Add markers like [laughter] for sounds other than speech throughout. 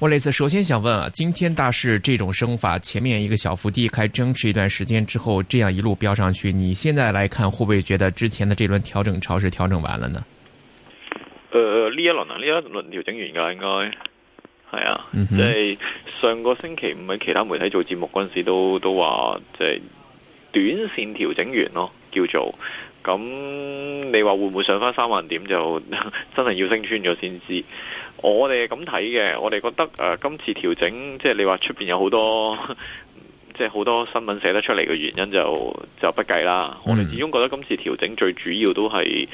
莫里斯，首先想問啊，今天大市這種升法，前面一個小幅低開，爭持一段時間之後，這樣一路飆上去，你現在來看，會不會覺得之前的這輪調整潮是調整完了呢？誒、呃，呢一輪啊，呢一輪調整完噶，應該係啊，即係上個星期五喺其他媒體做節目嗰陣時都，都都話即係短線調整完咯，叫做。咁你話會唔會上翻三萬點就真係要升穿咗先知？我哋咁睇嘅，我哋覺得誒，今次調整即係你話出邊有好多，即係好多新聞寫得出嚟嘅原因就就不計啦。我哋始終覺得今次調整最主要都係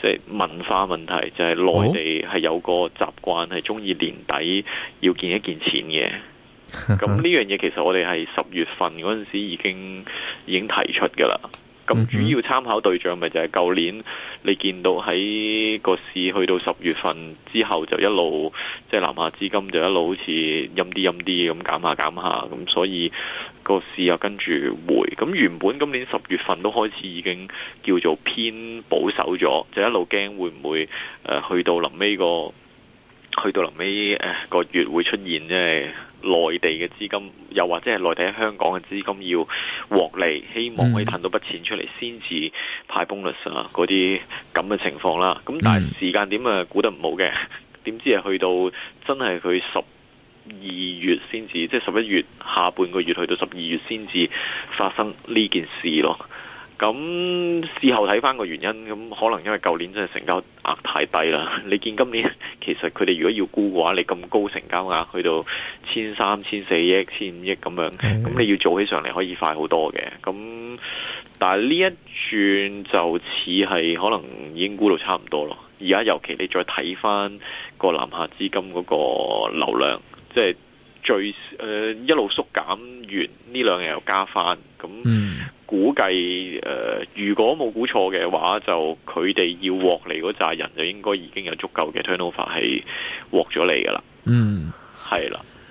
即係文化問題，就係內地係有個習慣係中意年底要見一見錢嘅。咁呢樣嘢其實我哋係十月份嗰陣時已經已經提出噶啦。咁主要參考對象咪就係舊年你見到喺個市去到十月份之後就一路即係、就是、南下資金就一路好似陰啲陰啲咁減下減下咁，所以個市又跟住回。咁原本今年十月份都開始已經叫做偏保守咗，就一路驚會唔會誒去到臨尾個去到臨尾誒個月會出現即係。內地嘅資金，又或者係內地喺香港嘅資金，要獲利，希望可以騰到筆錢出嚟，先至派 bonus 啊。嗰啲咁嘅情況啦。咁但係時間點啊，估得唔好嘅，點知係去到真係佢十二月先至，即係十一月下半個月去到十二月先至發生呢件事咯。咁事後睇翻個原因，咁可能因為舊年真係成交額太低啦。你見今年其實佢哋如果要沽嘅話，你咁高成交額去到千三千四億、千五億咁樣，咁你要做起上嚟可以快好多嘅。咁但係呢一轉就似係可能已經沽到差唔多咯。而家尤其你再睇翻個南下資金嗰個流量，即係最，呃，一路縮減完，呢兩日又加翻咁。估計誒、呃，如果冇估錯嘅話，就佢哋要獲利嗰扎人就應該已經有足夠嘅 turnover 係獲咗利㗎喇。嗯，係啦。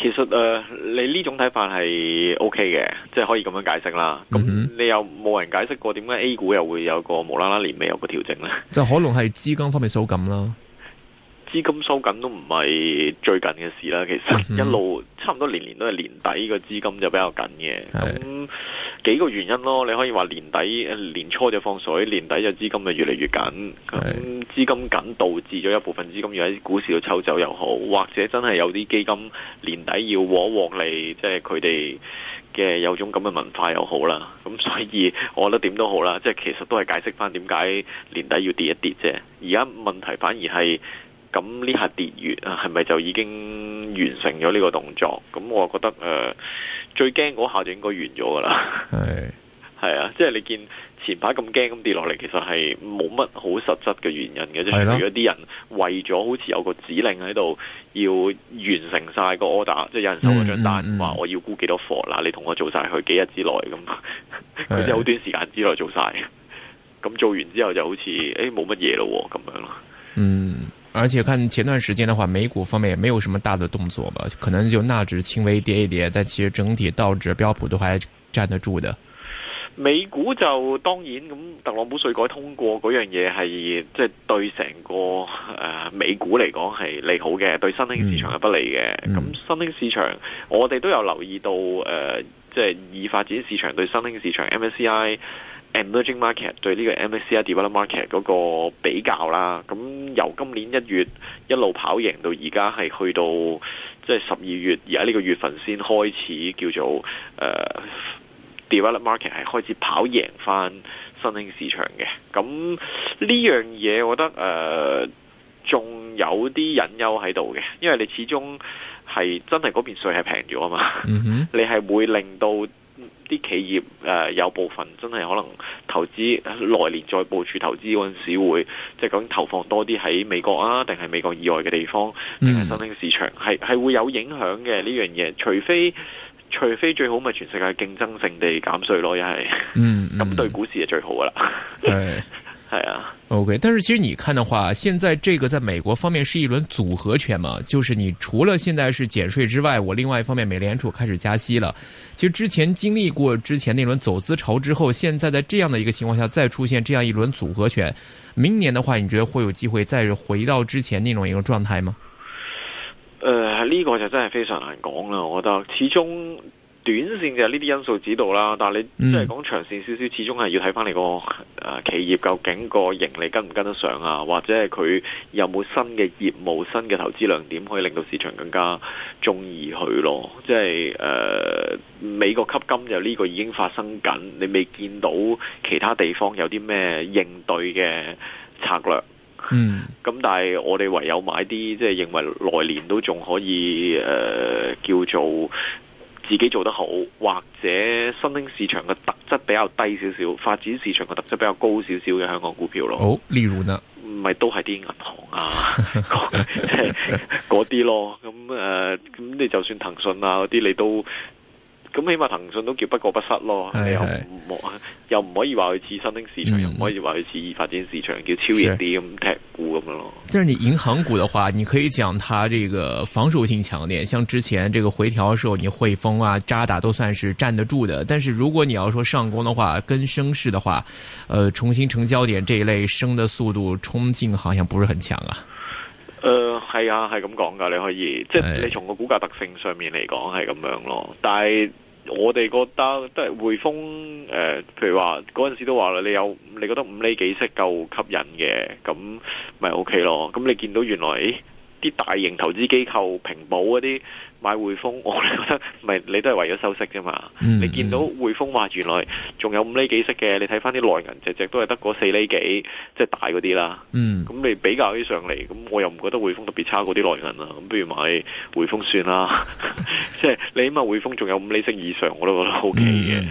其實誒、呃，你呢種睇法係 O K 嘅，即係可以咁樣解釋啦。咁、嗯、你又冇人解釋過，點解 A 股又會有個無啦啦年尾有個調整咧？就可能係資金方面數緊啦。資金收緊都唔係最近嘅事啦，其實一路差唔多年年都係年底個資金就比較緊嘅，咁、嗯、幾個原因咯。你可以話年底年初就放水，年底就資金就越嚟越緊。咁、嗯、資金緊導致咗一部分資金要喺股市度抽走又好，或者真係有啲基金年底要往往嚟，即係佢哋嘅有種咁嘅文化又好啦。咁所以我覺得點都好啦，即係其實都係解釋翻點解年底要跌一跌啫。而家問題反而係。咁呢下跌完，啊，係咪就已經完成咗呢個動作？咁我覺得誒、呃，最驚嗰下就應該完咗噶啦。係係 [laughs] 啊，即、就、係、是、你見前排咁驚咁跌落嚟，其實係冇乜好實質嘅原因嘅，即係除咗啲人為咗好似有個指令喺度要完成晒個 order，即係有人收咗張單，話、嗯、我要沽幾多貨啦、嗯，你同我做晒去幾日之內，咁佢有好短時間之內做晒。咁 [laughs] 做完之後就好似誒冇乜嘢咯，咁、哎、樣咯。嗯。而且看前段時間的話，美股方面也沒有什麼大的動作吧，可能就納指輕微跌一跌，但其實整體道指、標普都還站得住的。美股就當然咁，特朗普稅改通過嗰樣嘢係，即、就、係、是、對成個誒、呃、美股嚟講係利好嘅，對新興市場係不利嘅。咁、嗯、新興市場，嗯、我哋都有留意到誒，即係已發展市場對新興市場 MSCI。MSCI, Emerging market 對呢個 MSCI developed market 嗰個比較啦，咁由今年一月一路跑贏到而家係去到即係十二月，而家呢個月份先開始叫做誒、呃、developed market 係開始跑贏返新興市場嘅。咁呢樣嘢，我覺得誒仲、呃、有啲隱憂喺度嘅，因為你始終係真係嗰邊稅係平咗啊嘛，mm -hmm. 你係會令到。啲企業誒、呃、有部分真係可能投資來年再部署投資嗰陣時會，會即係究竟投放多啲喺美國啊，定係美國以外嘅地方，定係新興市場，係、嗯、係會有影響嘅呢樣嘢。除非除非最好咪全世界競爭性地減稅咯，又係，嗯，咁、嗯、 [laughs] 對股市係最好噶啦。嗯 [laughs] 係啊，OK，但是其實你看的話，現在這個在美國方面是一輪組合拳嘛，就是你除了現在是減稅之外，我另外一方面美聯儲開始加息了。其實之前經歷過之前那輪走資潮之後，現在在這樣的一個情況下再出現這樣一輪組合拳，明年的話，你覺得會有機會再回到之前那種一個狀態嗎？呃，呢個就真係非常難講啦，我覺得始終。短線就係呢啲因素指導啦，但係你即係講長線少少，始終係要睇翻你個企業究竟個盈利跟唔跟得上啊，或者係佢有冇新嘅業務、新嘅投資亮點，可以令到市場更加中意佢咯。即係、呃、美國吸金就呢個已經發生緊，你未見到其他地方有啲咩應對嘅策略。嗯，咁但係我哋唯有買啲即係認為來年都仲可以、呃、叫做，自己做得好，或者新興市場嘅特質比較低少少，發展市場嘅特質比較高少少嘅香港股票咯。好，例如呢？唔係都係啲銀行啊，嗰啲咯。咁、呃、誒，咁你就算騰訊啊嗰啲，你都。咁起碼騰訊都叫不過不失咯，又唔又唔可以話佢似新興市場，嗯嗯又唔可以話佢似發展市場，叫超越啲咁踢股咁咯，咯。但是你銀行股的話，你可以講它這個防守性強啲，像之前這個回調時候，你匯豐啊、渣打都算是站得住的。但是如果你要說上攻的話，跟升勢的話，呃，重新成交點這一類升的速度衝勁，衝進好像不是很強啊、呃、啊。呃係啊，係咁講噶，你可以，即係你從個股價特性上面嚟講係咁樣咯，但係。我哋覺得都係匯豐誒，譬如話嗰陣時都話啦，你有你覺得五厘幾息夠吸引嘅，咁咪 OK 咯。咁你見到原來啲大型投資機構平保嗰啲。買匯豐，我咧覺得唔係你都係為咗收息啫嘛，嗯。你見到匯豐話原來仲有五厘幾息嘅，你睇翻啲內銀隻隻都係得嗰四厘幾，即、就、係、是、大嗰啲啦。咁、嗯、你比較起上嚟，咁我又唔覺得匯豐特別差過啲內銀啊。咁不如買匯豐算啦，即 [laughs] 係、就是、你起碼匯豐仲有五厘息以上，我都覺得 O K 嘅。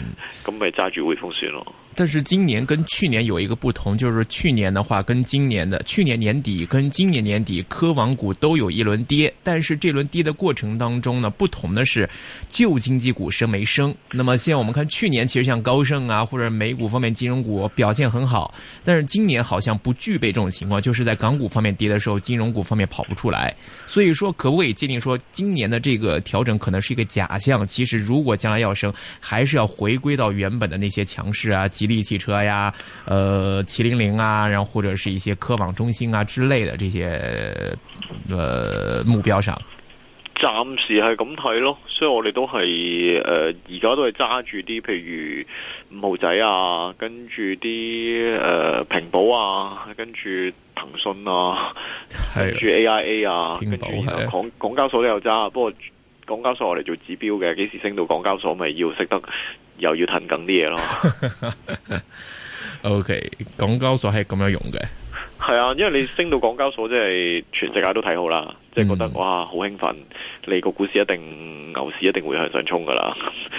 咁咪揸住匯豐算咯。但是今年跟去年有一個不同，就是去年嘅話跟今年嘅，去年年底跟今年年底科網股都有一輪跌，但是這輪跌的過程當。中呢，不同的是，舊經濟股升沒升？那麼現在我們看，去年其實像高盛啊，或者美股方面金融股表現很好，但是今年好像不具備這種情況，就是在港股方面跌的時候，金融股方面跑不出來。所以說，可不可以界定說，今年的這個調整可能是一個假象？其實如果將來要升，還是要回歸到原本的那些強勢啊，吉利汽車呀，呃，七零零啊，然後或者是一些科網中心啊之類的這些呃目標上。暫時係咁睇咯，所以我哋都係誒，而、呃、家都係揸住啲，譬如五號仔啊，跟住啲誒平保啊，跟住騰訊啊，跟住 A I A 啊，跟住港港交所都有揸，不過港交所我哋做指標嘅，幾時升到港交所，咪要識得又要騰緊啲嘢咯。O K，港交所係咁樣用嘅。係啊，因為你升到港交所，即係全世界都睇好啦，嗯，即係覺得哇好興奮，你個股市一定牛市一定會向上衝噶啦。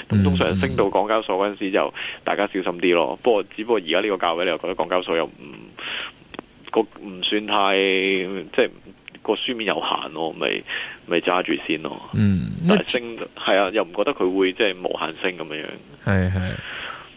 咁、嗯、 [laughs] 通常升到港交所嗰陣時就大家小心啲咯。不過只不過而家呢個價位，你又覺得港交所又唔個唔算太即係個書面有限咯，咪咪揸住先咯。嗯，但係升係、嗯、啊，又唔覺得佢會即係無限升咁樣樣。係係。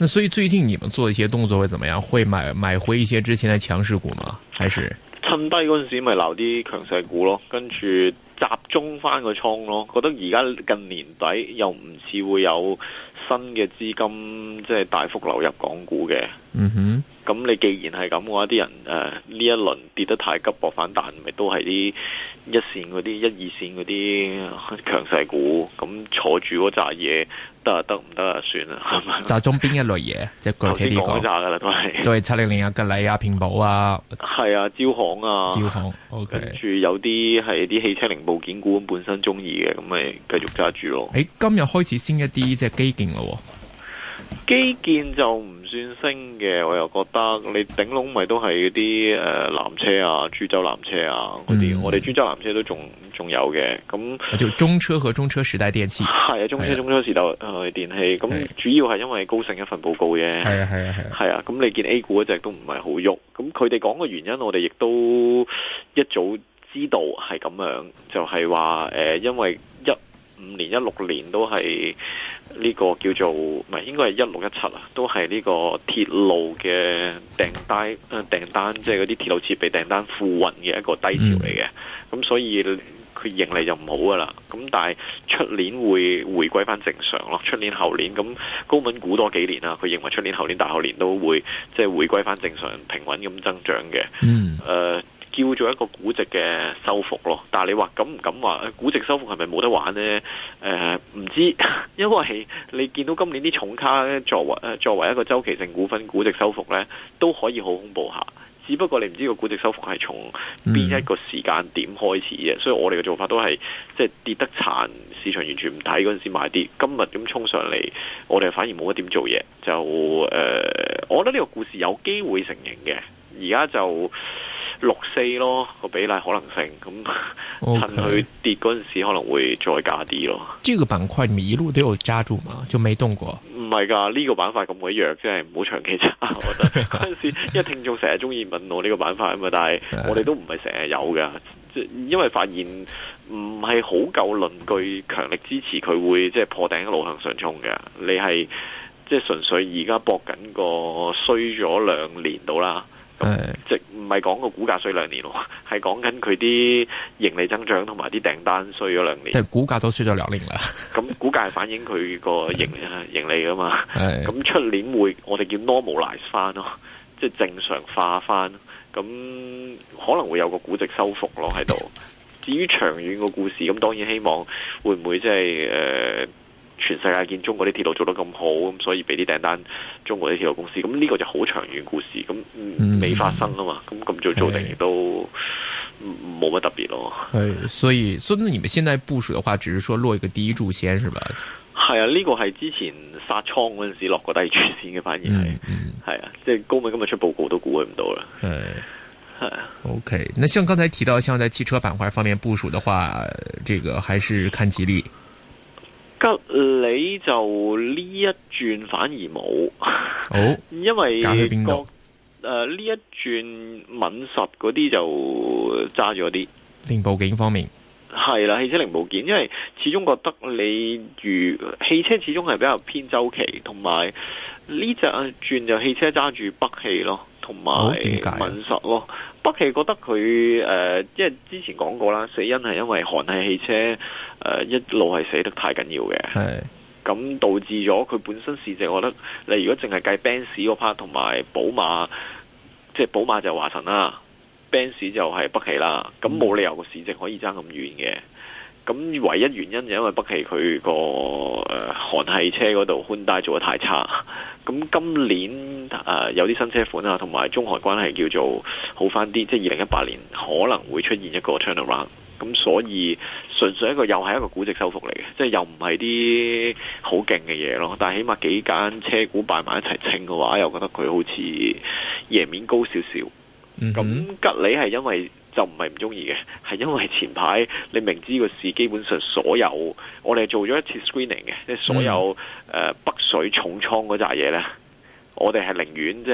那所以最近你們做一些動作會怎麼樣？會買買回一些之前的強勢股嗎？還是趁低嗰陣時咪留啲強勢股咯，跟住集中翻個倉咯。覺得而家近年底又唔似會有新嘅資金即係、就是、大幅流入港股嘅。嗯哼，咁你既然係咁嘅話，啲人誒呢、呃、一輪跌得太急，搏反彈咪都係啲一綫嗰啲、一二綫嗰啲強勢股，咁坐住嗰扎嘢。得啊，得唔得啊？算啦，集 [laughs] 中邊一類嘢，即係具體啲講下噶啦，都係都係七零零啊、吉 [laughs] 利啊、平保啊，係啊、招行啊、招行，跟、okay、住有啲係啲汽車零部件股本身中意嘅，咁咪繼續揸住咯。誒、哎，今日開始先一啲即係基建咯。基建就唔算升嘅，我又覺得你頂籠咪都係嗰啲誒，南、呃、車啊，株洲南車啊嗰啲、嗯，我哋株洲南車都仲仲有嘅。咁就中車和中車時代電器係啊，中車中車時代電器，咁、嗯、主要係因為高盛一份報告啫。係啊係啊係啊，係啊，咁你見 A 股一直都唔係好喐，咁佢哋講嘅原因，我哋亦都一早知道係咁樣，就係話誒，因為一。五年一六年都係呢個叫做唔係，應該係一六一七啊，都係呢個鐵路嘅訂單、呃、訂單即係嗰啲鐵路設備訂單付運嘅一個低潮嚟嘅，咁、嗯、所以佢盈利就唔好噶啦。咁但係出年會回歸翻正常咯。出年後年咁高敏估多幾年啦，佢認為出年後年大後年都會即係、就是、回歸翻正常平穩咁增長嘅。嗯、呃。叫做一個估值嘅收復咯，但係你話敢唔敢話估值收復係咪冇得玩呢？誒、呃，唔知，因為你見到今年啲重卡作為誒作為一個周期性股份估值收復呢，都可以好恐怖下。只不過你唔知個估值收復係從邊一個時間點開始嘅，嗯，所以我哋嘅做法都係即係跌得殘，市場完全唔睇嗰陣時買啲。今日咁衝上嚟，我哋反而冇得點做嘢。就誒、呃，我覺得呢個故事有機會成形嘅。而家就。六四咯，個比例可能性咁、嗯 okay。趁佢跌嗰陣時可能會再加啲咯。這個板塊你一路都有揸住嘛？就未動過？唔係噶，呢、這個板塊咁鬼弱，即係唔好長期揸。嗰陣時， [laughs] 因為聽眾成日中意問我呢個板塊啊嘛，但係我哋都唔係成日有嘅，即 [laughs] 因為發現唔係好夠論據強力支持佢會即係破頂一路向上衝嘅。你係即係純粹而家搏緊個衰咗兩年到啦。誒，即唔係講個股價衰兩年咯，係講緊佢啲盈利增長同埋啲訂單衰咗兩年。即係股價都衰咗兩年啦。咁股價係反映佢個盈盈利噶嘛？咁出年會我哋叫 normalize 翻咯，即係正常化翻。咁可能會有個估值收復咯喺度。至於長遠個故事，咁當然希望會唔會即係誒。呃全世界見中國啲鐵路做得咁好，咁所以俾啲訂單中國啲鐵路公司，咁呢個就好長遠故事，咁未發生啊嘛，咁、嗯、咁做做定亦都冇乜特別咯。誒、嗯，所以所以，所以你們現在部署嘅話，只是說落一個低注先，是吧？係啊，呢、這個係之前殺倉嗰陣時落過低注先嘅，反而係係、嗯嗯、啊，即、就、係、是、高美今日出報告都估佢唔到啦。係、嗯、係、啊，OK。那像剛才提到，像在汽車板塊方面部署嘅話，這個還是看吉利。你就呢一轉反而冇、哦，因為個誒呢一轉敏實嗰啲就揸咗啲零部件方面係啦，汽車零部件，因為始終覺得你如汽車始終係比較偏周期，同埋呢隻轉就汽車揸住北汽咯，同埋敏實咯。哦北汽覺得佢誒、呃，因為之前講過啦，死因係因為韓系汽車誒、呃、一路係死得太緊要嘅，咁導致咗佢本身市值，我覺得你如果淨係計 Benz 嗰 part 同埋寶馬，即係寶馬就華晨啦，Benz 就係北汽啦，咁冇理由個市值可以差咁遠嘅。咁唯一原因就因為北汽佢個韓系車嗰度寬帶做得太差，咁今年誒、呃、有啲新車款啊，同埋中韓關係叫做好翻啲，即係二零一八年可能會出現一個 turnaround，咁所以純粹一個又係一個估值修復嚟嘅，即係又唔係啲好勁嘅嘢咯，但係起碼幾間車股擺埋一齊清嘅話，又覺得佢好似贏面高少少，咁吉利係因為。就唔係唔中意嘅，係因為前排你明知個市基本上所有我哋做咗一次 screening 嘅，即係所有誒、嗯呃、北水重倉嗰扎嘢咧，我哋係寧願即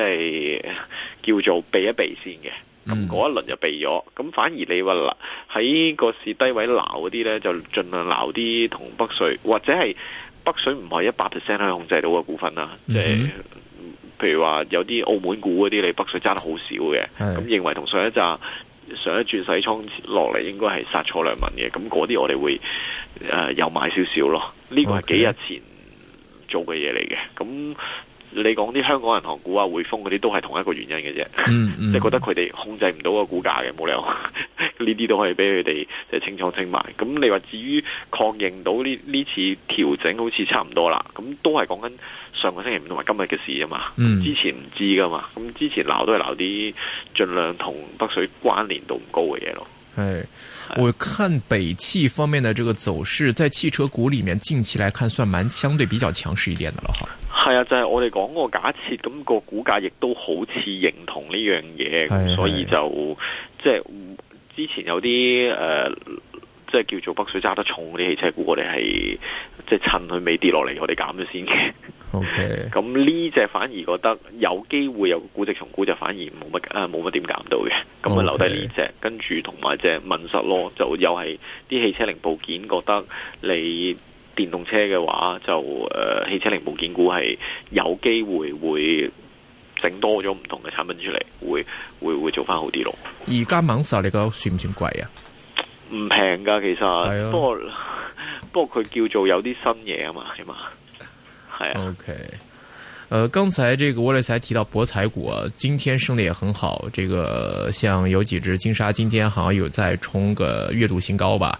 係叫做避一避先嘅。咁、嗯、嗰一輪就避咗，咁反而你話喺個市低位撈嗰啲咧，就盡量撈啲同北水或者係北水唔係一百 percent 可以控制到嘅股份啦。即、嗯、係、就是、譬如話有啲澳門股嗰啲，你北水揸得好少嘅，咁、嗯、認為同上一扎。上一轉洗倉落嚟，應該係殺錯良民嘅，咁嗰啲我哋會誒又、呃、買少少咯。呢個係幾日前做嘅嘢嚟嘅。咁你講啲香港銀行股啊、匯豐嗰啲都係同一個原因嘅啫，即、mm、係 -hmm. [laughs] 你覺得佢哋控制唔到個股價嘅，冇理由？ [laughs] 呢啲都可以俾佢哋即係清楚清埋。咁你話至於確認到呢，呢次調整好似差唔多啦。咁都係講緊上個星期五同埋今日嘅事啊嘛。嗯。之前唔知噶嘛。咁之前鬧都係鬧啲盡量同北水關聯度唔高嘅嘢咯。係。我看北汽方面嘅這個走勢，在汽車股裏面近期來看，算蠻相對比較強勢一點嘅咯。係啊，就係、是、我哋講個假設，咁個股價亦都好似認同呢樣嘢，所以就即係。就是之前有啲誒、呃，即係叫做北水揸得重嗰啲汽車股，我哋係即係趁佢未跌落嚟，我哋減咗先嘅。OK，咁呢隻反而覺得有機會有個估值重估，就反而冇乜冇乜點減到嘅，咁啊留低呢隻，okay. 跟住同埋隻敏實咯，就又係啲汽車零部件，覺得你電動車嘅話就，就、呃、誒汽車零部件股係有機會會。整多咗唔同嘅產品出嚟，會會會做翻好啲咯。而家猛售，你覺得算唔算貴啊？唔平噶，其實。係咯、啊。不過不過佢叫做有啲新嘢啊嘛，係嘛。係啊。O K，誒，剛才這個我哋才提到博彩股啊，今天升得也很好。這個像有幾隻金沙，今天好像有再衝個月度新高吧。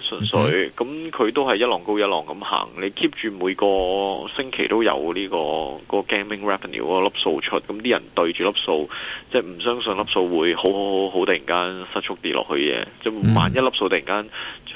純粹咁，佢、mm -hmm. 都係一浪高一浪咁行。你 keep 住每個星期都有呢個、嗰個 gaming revenue 嗰粒數出，咁啲人對住粒數，即係唔相信粒數會好好好好突然間失速跌落去嘅。就萬一粒數突然間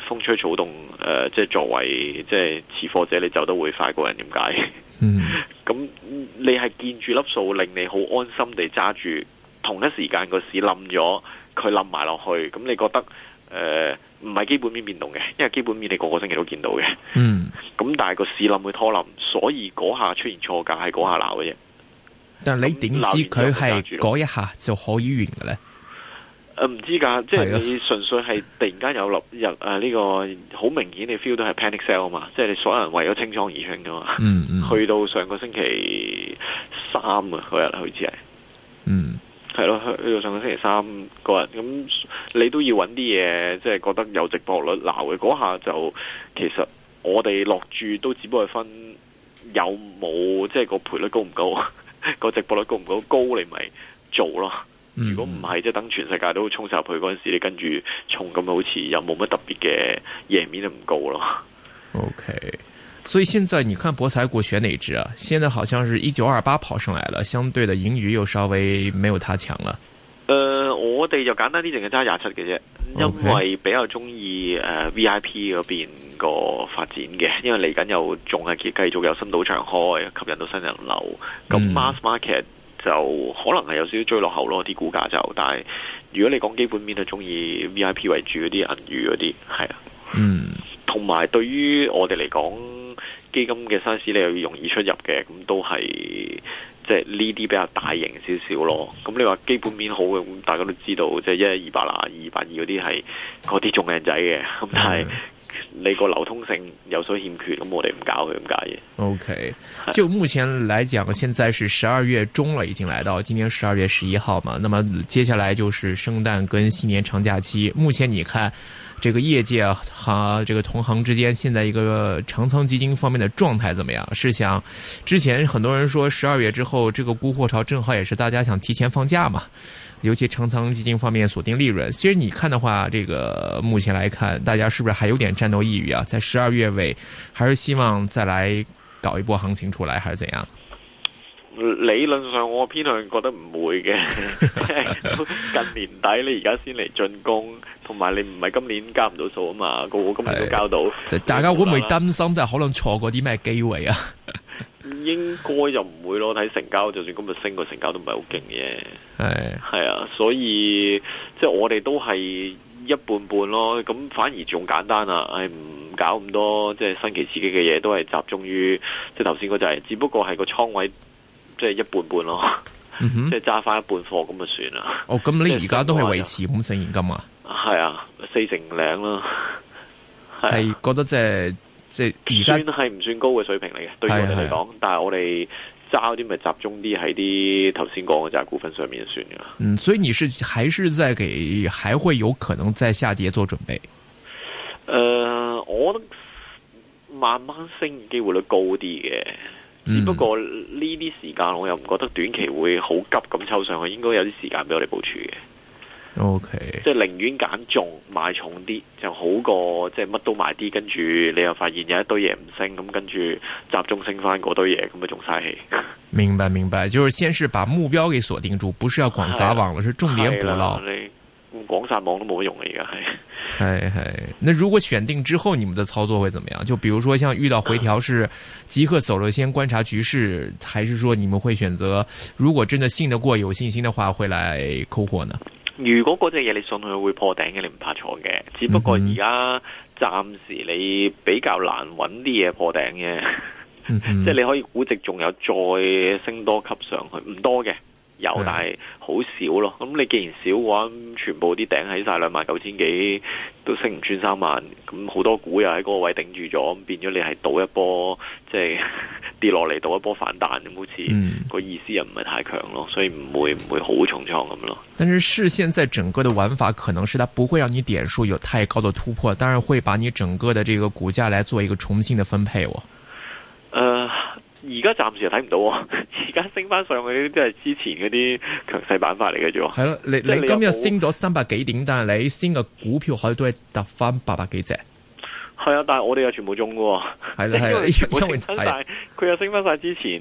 風吹草動，即、mm、係 -hmm. 呃即係、作為即係、即係、持貨者，你走得會快過人點解？咁、mm -hmm. 你係見住粒數令你好安心地揸住，同一時間個市冧咗，佢冧埋落去，咁你覺得？誒、呃，唔係基本面變動嘅，因為基本面你個個星期都見到嘅。嗯。咁但係個市冧會拖冧，所以嗰下出現錯價係嗰下鬧嘅啫。但你點知佢係嗰一下就可以完嘅咧？誒、呃，唔知噶,即係你純粹係突然間有入入，誒呢個好明顯你 feel 到係 panic sell 啊嘛，即係你所有人為咗清倉而清噶嘛。嗯嗯。去到上個星期三啊，嗰日好似係。係咯，呢個上個星期三嗰日，咁你都要揾啲嘢，即係覺得有直播率鬧嘅嗰下就，其實我哋落注都只不過是分有冇，即係個賠率高唔高，個 [laughs] 直播率高唔高，高你咪做咯。如果唔係，即係等全世界都衝晒入去嗰陣時，你跟住衝咁，好似又冇乜特別嘅贏面，就唔高咯。O K。所以現在你看博彩股選哪隻啊？現在好像是一九二八跑上來了，相對的盈餘又稍微沒有他強了。誒、呃，我哋就簡單啲淨係揸廿七嘅啫，因為比較中意誒 V I P 嗰邊個發展嘅，因為嚟緊又仲係繼續有新賭場開，吸引到新人流。咁、嗯、Mass Market 就可能係有少少追落後咯，啲股價就，但係如果你講基本面，就中意 V I P 為主嗰啲銀娛嗰啲，係啊。嗯，同埋對於我哋嚟講。基金嘅 size 你又要容易出入嘅，咁都係即係呢啲比較大型少少咯。咁你話基本面好嘅，咁大家都知道，即係一二八啦、二八二嗰啲係嗰啲仲靚仔嘅，咁但係。你個流通性有所欠缺，咁我哋唔搞佢咁解嘅。就是，OK，就目前來講，現在是十二月中了，已經來到今年十二月十一號嘛。那麼接下來就是聖誕跟新年長假期。目前你看，這個業界和這個同行之間，現在一個長倉基金方面的狀態怎麼樣？是想之前很多人說十二月之後，這個沽貨潮正好也是大家想提前放假嘛。尤其長倉基金方面鎖定利潤，其實你看的話，這個目前來看，大家是不是還有點戰鬥意欲啊？在十二月尾，還是希望再來搞一波行情出來，還是怎樣？理論上我偏向覺得唔會嘅， [laughs] [laughs] 近年底你而家先嚟進攻，同埋你唔係今年交唔到數啊嘛，個個今年都交到。大家會唔會擔心就可能錯過啲咩機會啊？ [laughs] 應該就唔會咯，睇成交，就算今日升，個成交都唔係好勁嘅。係係啊，所以即係我哋都係一半半咯。咁反而仲簡單啊，係唔搞咁多即係新奇刺激嘅嘢，都係集中於即係頭先嗰隻，只不過係個倉位即係一半半咯。嗯哼，即係揸翻一半貨咁就算啦。哦，咁你而家都係維持五成現金啊？係啊，四成零咯。係、啊、覺得即、就、係、是。即係算係唔算高嘅水平嚟嘅，對於我哋嚟講，但係我哋揸啲咪集中啲喺啲頭先講嘅就係股份上面算嘅。嗯，所以你是還是在給，還會有可能在下跌做準備。誒、呃，我覺得慢慢升機會率高啲嘅，只、嗯、不過呢啲時間我又唔覺得短期會好急咁抽上去，應該有啲時間俾我哋部署嘅。OK，即係寧願揀重買重啲就好過即係乜都買啲，跟住你又發現有一堆嘢唔升，咁跟住集中升翻嗰堆嘢，咁咪仲嘥氣。明白明白，就是先是把目標給鎖定住，不是要廣撒網，我是,、啊、是重點捕撈、啊。你廣撒網都冇乜用嘅，而家係。係係，那如果選定之後，你們的操作會怎麼樣？就比如說，像遇到回調，是、嗯、即刻走了先觀察局勢，還是說你們會選擇如果真的信得過、有信心的話，會來溝貨呢？如果嗰隻嘢你信佢會破頂嘅，你唔怕錯嘅。只不過而家暫時你比較難揾啲嘢破頂嘅，即、嗯、係 [laughs] 你可以估值仲有再升多級上去，唔多嘅。有，但係好少咯。咁你既然少嘅話，全部啲頂起晒兩萬九千幾，都升唔穿三萬。咁好多股又喺嗰個位頂住咗，咁變咗你係倒一波，即係跌落嚟倒一波反彈咁，好似個意思又唔係太強咯。所以唔會唔會好重倉咁咯。但是是現在整個嘅玩法，可能是它不會讓你點數有太高的突破，但係會把你整個的這個股價來做一個重新的分配、哦。我、呃，誒。而家暫時睇唔到，而家升翻上去呢啲都係之前嗰啲強勢板塊嚟嘅啫。係咯，你你今日升咗三百幾點？但係你升嘅股票，可以都係得翻八百幾隻。係啊，但係我哋又全部中嘅，係你因為升晒，佢又升翻晒之前，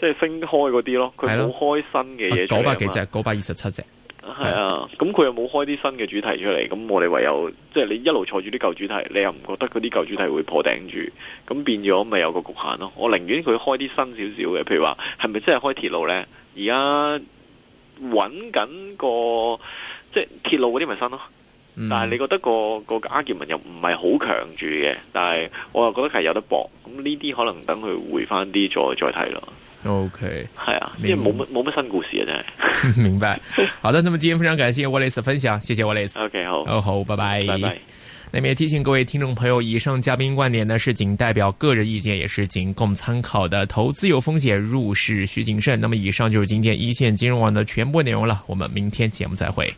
即係升開嗰啲咯。佢冇開新嘅嘢九百幾隻，九百二十七隻。係啊，咁佢又冇開啲新嘅主題出嚟，咁我哋唯有即係你一路坐住啲舊主題，你又唔覺得嗰啲舊主題會破頂住，咁變咗咪有個局限咯。我寧願佢開啲新少少嘅，譬如話係咪真係開鐵路呢？而家搵緊個即係鐵路嗰啲咪新咯，嗯，但係你覺得個個 argument 又唔係好強住嘅，但係我又覺得佢係有得搏，咁呢啲可能等佢回返啲再再睇咯。O K，係啊，因為冇乜冇乜新故事啊，真係。 [laughs] 明白，好的，那麼今天非常感謝 Wallace 的分享，謝謝 Wallace。OK，好，哦好，拜拜，拜拜。那麼也提醒各位聽眾朋友，以上嘉賓觀點呢是僅代表個人意見，也是僅供參考的。投資有風險，入市需謹慎。那麼以上就是今天一線金融網的全部內容了，我們明天節目再會。